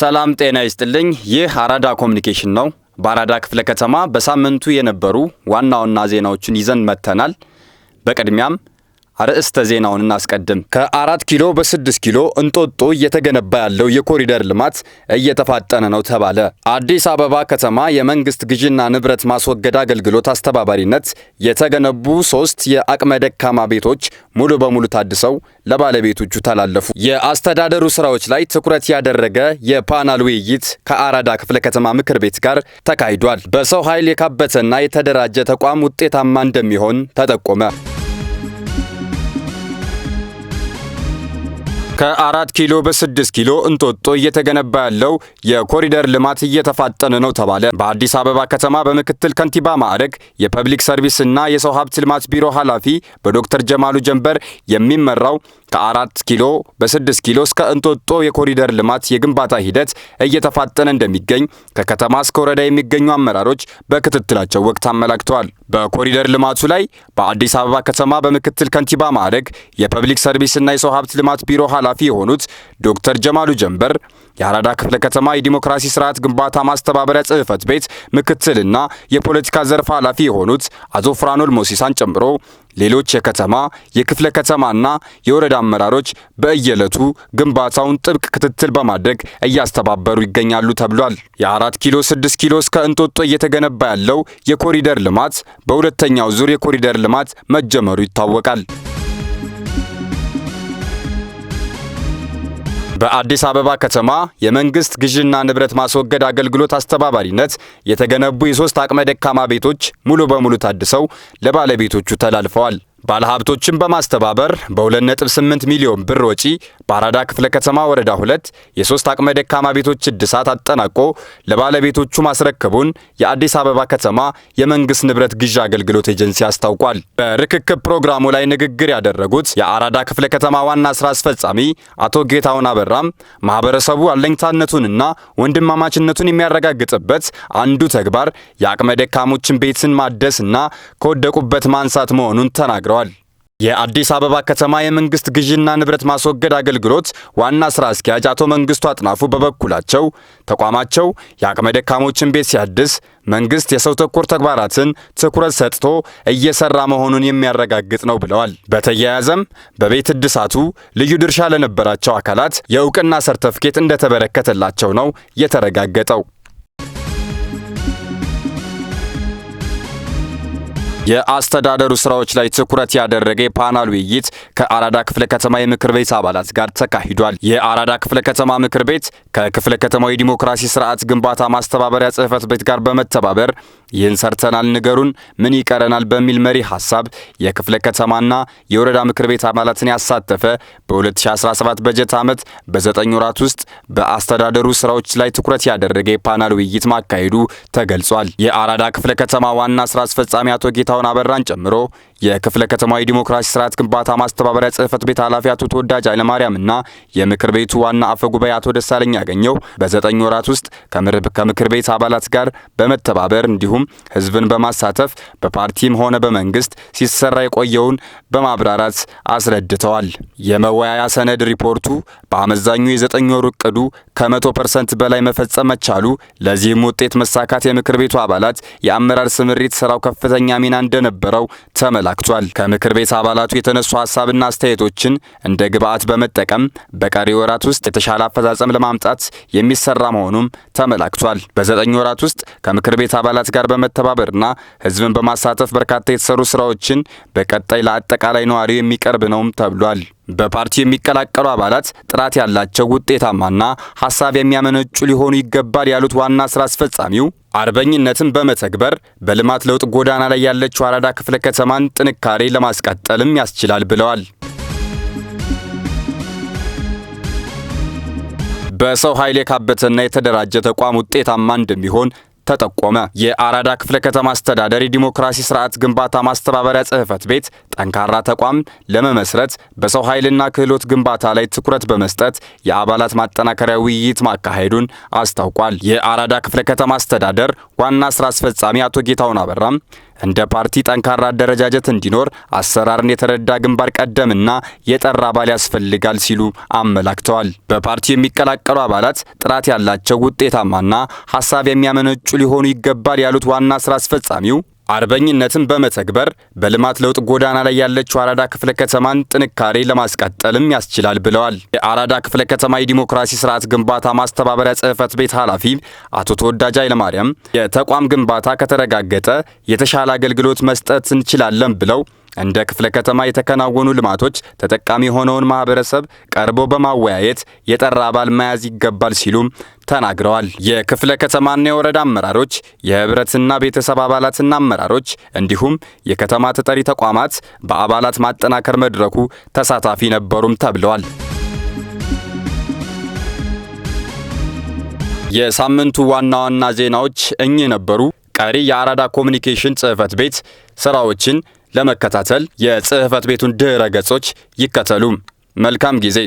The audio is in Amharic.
ሰላም ጤና ይስጥልኝ። ይህ አራዳ ኮሚኒኬሽን ነው። በአራዳ ክፍለ ከተማ በሳምንቱ የነበሩ ዋና ዋና ዜናዎችን ይዘን መጥተናል። በቅድሚያም አርዕስተ ዜናውን እናስቀድም። ከአራት ኪሎ በስድስት ኪሎ እንጦጦ እየተገነባ ያለው የኮሪደር ልማት እየተፋጠነ ነው ተባለ። አዲስ አበባ ከተማ የመንግስት ግዥና ንብረት ማስወገድ አገልግሎት አስተባባሪነት የተገነቡ ሶስት የአቅመ ደካማ ቤቶች ሙሉ በሙሉ ታድሰው ለባለቤቶቹ ተላለፉ። የአስተዳደሩ ስራዎች ላይ ትኩረት ያደረገ የፓናል ውይይት ከአራዳ ክፍለ ከተማ ምክር ቤት ጋር ተካሂዷል። በሰው ኃይል የካበተና የተደራጀ ተቋም ውጤታማ እንደሚሆን ተጠቆመ። ከአራት ኪሎ በስድስት ኪሎ እንጦጦ እየተገነባ ያለው የኮሪደር ልማት እየተፋጠነ ነው ተባለ። በአዲስ አበባ ከተማ በምክትል ከንቲባ ማዕረግ የፐብሊክ ሰርቪስና የሰው ሀብት ልማት ቢሮ ኃላፊ በዶክተር ጀማሉ ጀንበር የሚመራው ከአራት ኪሎ በስድስት ኪሎ እስከ እንጦጦ የኮሪደር ልማት የግንባታ ሂደት እየተፋጠነ እንደሚገኝ ከከተማ እስከ ወረዳ የሚገኙ አመራሮች በክትትላቸው ወቅት አመላክተዋል። በኮሪደር ልማቱ ላይ በአዲስ አበባ ከተማ በምክትል ከንቲባ ማዕረግ የፐብሊክ ሰርቪስና የሰው ሀብት ልማት ቢሮ ኃላፊ ኃላፊ የሆኑት ዶክተር ጀማሉ ጀንበር የአራዳ ክፍለ ከተማ የዲሞክራሲ ስርዓት ግንባታ ማስተባበሪያ ጽህፈት ቤት ምክትልና የፖለቲካ ዘርፍ ኃላፊ የሆኑት አቶ ፍራኖል ሞሲሳን ጨምሮ ሌሎች የከተማ የክፍለ ከተማና የወረዳ አመራሮች በየዕለቱ ግንባታውን ጥብቅ ክትትል በማድረግ እያስተባበሩ ይገኛሉ ተብሏል። የአራት ኪሎ ስድስት ኪሎ እስከ እንጦጦ እየተገነባ ያለው የኮሪደር ልማት በሁለተኛው ዙር የኮሪደር ልማት መጀመሩ ይታወቃል። በአዲስ አበባ ከተማ የመንግስት ግዥና ንብረት ማስወገድ አገልግሎት አስተባባሪነት የተገነቡ የሶስት አቅመ ደካማ ቤቶች ሙሉ በሙሉ ታድሰው ለባለቤቶቹ ተላልፈዋል። ባለሀብቶችን በማስተባበር በ2.8 ሚሊዮን ብር ወጪ በአራዳ ክፍለ ከተማ ወረዳ ሁለት የሶስት አቅመ ደካማ ቤቶች እድሳት አጠናቆ ለባለቤቶቹ ማስረከቡን የአዲስ አበባ ከተማ የመንግስት ንብረት ግዢ አገልግሎት ኤጀንሲ አስታውቋል። በርክክብ ፕሮግራሙ ላይ ንግግር ያደረጉት የአራዳ ክፍለ ከተማ ዋና ስራ አስፈጻሚ አቶ ጌታሁን አበራም ማህበረሰቡ አለኝታነቱንና ወንድማማችነቱን የሚያረጋግጥበት አንዱ ተግባር የአቅመ ደካሞችን ቤትን ማደስና ከወደቁበት ማንሳት መሆኑን ተናግረዋል። ተናግረዋል። የአዲስ አበባ ከተማ የመንግስት ግዥና ንብረት ማስወገድ አገልግሎት ዋና ስራ አስኪያጅ አቶ መንግስቱ አጥናፉ በበኩላቸው ተቋማቸው የአቅመ ደካሞችን ቤት ሲያድስ መንግስት የሰው ተኮር ተግባራትን ትኩረት ሰጥቶ እየሰራ መሆኑን የሚያረጋግጥ ነው ብለዋል። በተያያዘም በቤት እድሳቱ ልዩ ድርሻ ለነበራቸው አካላት የእውቅና ሰርተፍኬት እንደተበረከተላቸው ነው የተረጋገጠው። የአስተዳደሩ ስራዎች ላይ ትኩረት ያደረገ የፓናል ውይይት ከአራዳ ክፍለ ከተማ የምክር ቤት አባላት ጋር ተካሂዷል። የአራዳ ክፍለ ከተማ ምክር ቤት ከክፍለ ከተማው የዲሞክራሲ ስርዓት ግንባታ ማስተባበሪያ ጽህፈት ቤት ጋር በመተባበር ይህን ሰርተናል፣ ንገሩን፣ ምን ይቀረናል በሚል መሪ ሀሳብ የክፍለ ከተማና የወረዳ ምክር ቤት አባላትን ያሳተፈ በ2017 በጀት ዓመት በዘጠኝ ወራት ውስጥ በአስተዳደሩ ስራዎች ላይ ትኩረት ያደረገ የፓናል ውይይት ማካሄዱ ተገልጿል። የአራዳ ክፍለ ከተማ ዋና ስራ አስፈጻሚ አቶ ጌታ ጥላሁን አበራን ጨምሮ የክፍለ ከተማዊ ዲሞክራሲ ስርዓት ግንባታ ማስተባበሪያ ጽህፈት ቤት ኃላፊ አቶ ተወዳጅ ኃይለማርያምና የምክር ቤቱ ዋና አፈ ጉባኤ አቶ ደሳለኝ ያገኘው በዘጠኝ ወራት ውስጥ ከምክር ቤት አባላት ጋር በመተባበር እንዲሁም ህዝብን በማሳተፍ በፓርቲም ሆነ በመንግስት ሲሰራ የቆየውን በማብራራት አስረድተዋል። የመወያያ ሰነድ ሪፖርቱ በአመዛኙ የዘጠኝ ወሩ እቅዱ ከመቶ ፐርሰንት በላይ መፈጸም መቻሉ፣ ለዚህም ውጤት መሳካት የምክር ቤቱ አባላት የአመራር ስምሪት ስራው ከፍተኛ ሚና እንደነበረው ተመላ ተመላክቷል። ከምክር ቤት አባላቱ የተነሱ ሀሳብና አስተያየቶችን እንደ ግብአት በመጠቀም በቀሪ ወራት ውስጥ የተሻለ አፈጻጸም ለማምጣት የሚሰራ መሆኑም ተመላክቷል። በዘጠኝ ወራት ውስጥ ከምክር ቤት አባላት ጋር በመተባበርና ህዝብን በማሳተፍ በርካታ የተሰሩ ስራዎችን በቀጣይ ለአጠቃላይ ነዋሪው የሚቀርብ ነውም ተብሏል። በፓርቲው የሚቀላቀሉ አባላት ጥራት ያላቸው ውጤታማና ሀሳብ የሚያመነጩ ሊሆኑ ይገባል ያሉት ዋና ስራ አስፈጻሚው አርበኝነትን በመተግበር በልማት ለውጥ ጎዳና ላይ ያለችው አራዳ ክፍለ ከተማን ጥንካሬ ለማስቀጠልም ያስችላል ብለዋል። በሰው ኃይል የካበተና የተደራጀ ተቋም ውጤታማ እንደሚሆን ተጠቆመ። የአራዳ ክፍለ ከተማ አስተዳደር የዲሞክራሲ ስርዓት ግንባታ ማስተባበሪያ ጽህፈት ቤት ጠንካራ ተቋም ለመመስረት በሰው ኃይልና ክህሎት ግንባታ ላይ ትኩረት በመስጠት የአባላት ማጠናከሪያ ውይይት ማካሄዱን አስታውቋል። የአራዳ ክፍለ ከተማ አስተዳደር ዋና ስራ አስፈጻሚ አቶ ጌታሁን አበራም እንደ ፓርቲ ጠንካራ አደረጃጀት እንዲኖር አሰራርን የተረዳ ግንባር ቀደምና የጠራ አባል ያስፈልጋል ሲሉ አመላክተዋል። በፓርቲው የሚቀላቀሉ አባላት ጥራት ያላቸው ውጤታማና ሀሳብ የሚያመነጩ ሊሆኑ ይገባል ያሉት ዋና ስራ አስፈጻሚው አርበኝነትን በመተግበር በልማት ለውጥ ጎዳና ላይ ያለችው አራዳ ክፍለ ከተማን ጥንካሬ ለማስቀጠልም ያስችላል ብለዋል። የአራዳ ክፍለ ከተማ የዲሞክራሲ ስርዓት ግንባታ ማስተባበሪያ ጽህፈት ቤት ኃላፊ አቶ ተወዳጅ ኃይለማርያም የተቋም ግንባታ ከተረጋገጠ የተሻለ አገልግሎት መስጠት እንችላለን ብለው እንደ ክፍለ ከተማ የተከናወኑ ልማቶች ተጠቃሚ የሆነውን ማህበረሰብ ቀርቦ በማወያየት የጠራ አባል መያዝ ይገባል ሲሉም ተናግረዋል። የክፍለ ከተማና የወረዳ አመራሮች፣ የህብረትና ቤተሰብ አባላትና አመራሮች እንዲሁም የከተማ ተጠሪ ተቋማት በአባላት ማጠናከር መድረኩ ተሳታፊ ነበሩም ተብለዋል። የሳምንቱ ዋና ዋና ዜናዎች እኚህ ነበሩ። ቀሪ የአራዳ ኮሚኒኬሽን ጽህፈት ቤት ስራዎችን ለመከታተል የጽህፈት ቤቱን ድረ ገጾች ይከተሉ። መልካም ጊዜ